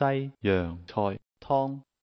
西洋菜湯。